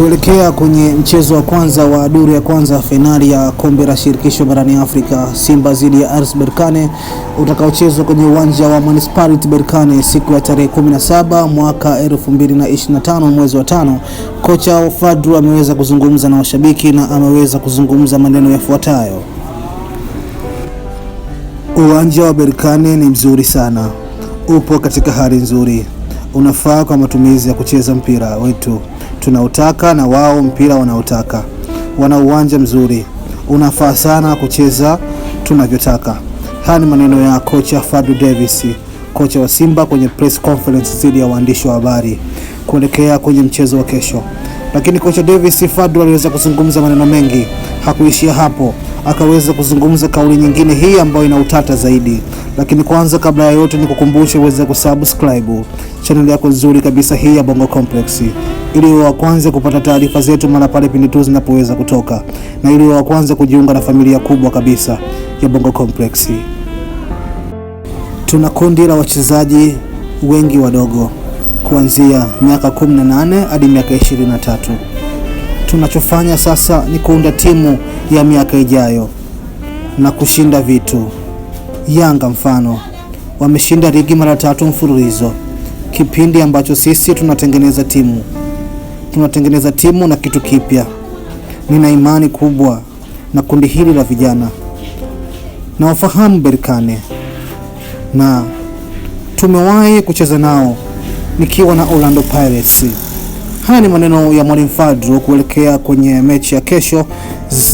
Kuelekea kwenye mchezo wa kwanza wa duru ya kwanza fainali ya kombe la shirikisho barani Afrika Simba dhidi ya RS Berkane utakaochezwa kwenye uwanja wa Municipality Berkane siku ya tarehe 17 mwaka 2025 mwezi wa tano, kocha Fadru ameweza kuzungumza na washabiki na ameweza kuzungumza maneno yafuatayo. Uwanja wa Berkane ni mzuri sana, upo katika hali nzuri, unafaa kwa matumizi ya kucheza mpira wetu tunautaka na wao mpira wanaotaka. Wana uwanja mzuri, unafaa sana kucheza tunavyotaka. Haya ni maneno ya kocha Fadlu Davis, kocha wa Simba kwenye press conference dhidi ya waandishi wa habari kuelekea kwenye mchezo wa kesho. Lakini kocha Davis Fadlu aliweza kuzungumza maneno mengi, hakuishia hapo akaweza kuzungumza kauli nyingine hii ambayo ina utata zaidi. Lakini kwanza, kabla ya yote, ni kukumbusha uweze kusubscribe chaneli yako nzuri kabisa hii ya Bongo Complex ili wa kwanza kupata taarifa zetu mara pale pindi tu zinapoweza kutoka na ili wa kwanza kujiunga na familia kubwa kabisa ya Bongo Complex. Tuna kundi la wachezaji wengi wadogo kuanzia miaka 18 hadi miaka 23 tunachofanya sasa ni kuunda timu ya miaka ijayo na kushinda vitu. Yanga mfano wameshinda ligi mara tatu mfululizo, kipindi ambacho sisi tunatengeneza timu tunatengeneza timu na kitu kipya. Nina imani kubwa na kundi hili la vijana na wafahamu Berkane, na tumewahi kucheza nao nikiwa na Orlando Pirates. Haya ni maneno ya mwalimu Fadlu kuelekea kwenye mechi ya kesho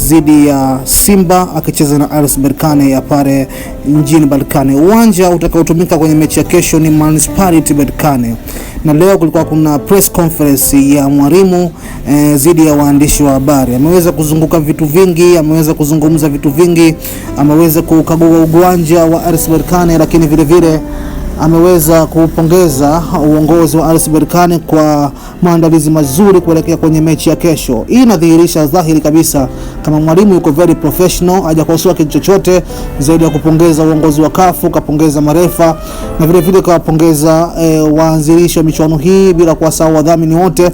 dhidi ya Simba akicheza na RS Berkane ya pale mjini Berkane. Uwanja utakaotumika kwenye mechi ya kesho ni Municipality Berkane, na leo kulikuwa kuna press conference ya mwalimu dhidi eh, ya waandishi wa habari. Ameweza kuzunguka vitu vingi, ameweza kuzungumza vitu vingi, ameweza kukagua uwanja wa RS Berkane, lakini vilevile ameweza kupongeza uongozi wa RS Berkane kwa maandalizi mazuri kuelekea kwenye mechi ya kesho. Hii inadhihirisha dhahiri kabisa kama mwalimu yuko very professional, hajakosoa kitu chochote zaidi ya kupongeza uongozi wa kafu, kapongeza marefa na vilevile kawapongeza e, eh, waanzilishi wa michuano hii bila kuwasahau wadhamini wote.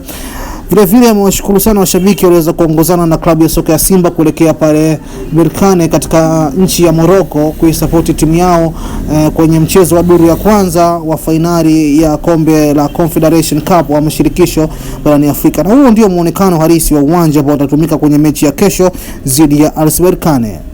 Vilevile amewashukuru sana washabiki walioweza kuongozana na klabu ya soka ya Simba kuelekea pale Berkane katika nchi ya Morocco kuisapoti timu yao eh, kwenye mchezo wa duru ya kwanza wa fainali ya kombe la Confederation Cup wa mashirikisho barani Afrika, na huo ndio muonekano halisi wa uwanja ambao utatumika kwenye mechi ya kesho dhidi ya RS Berkane.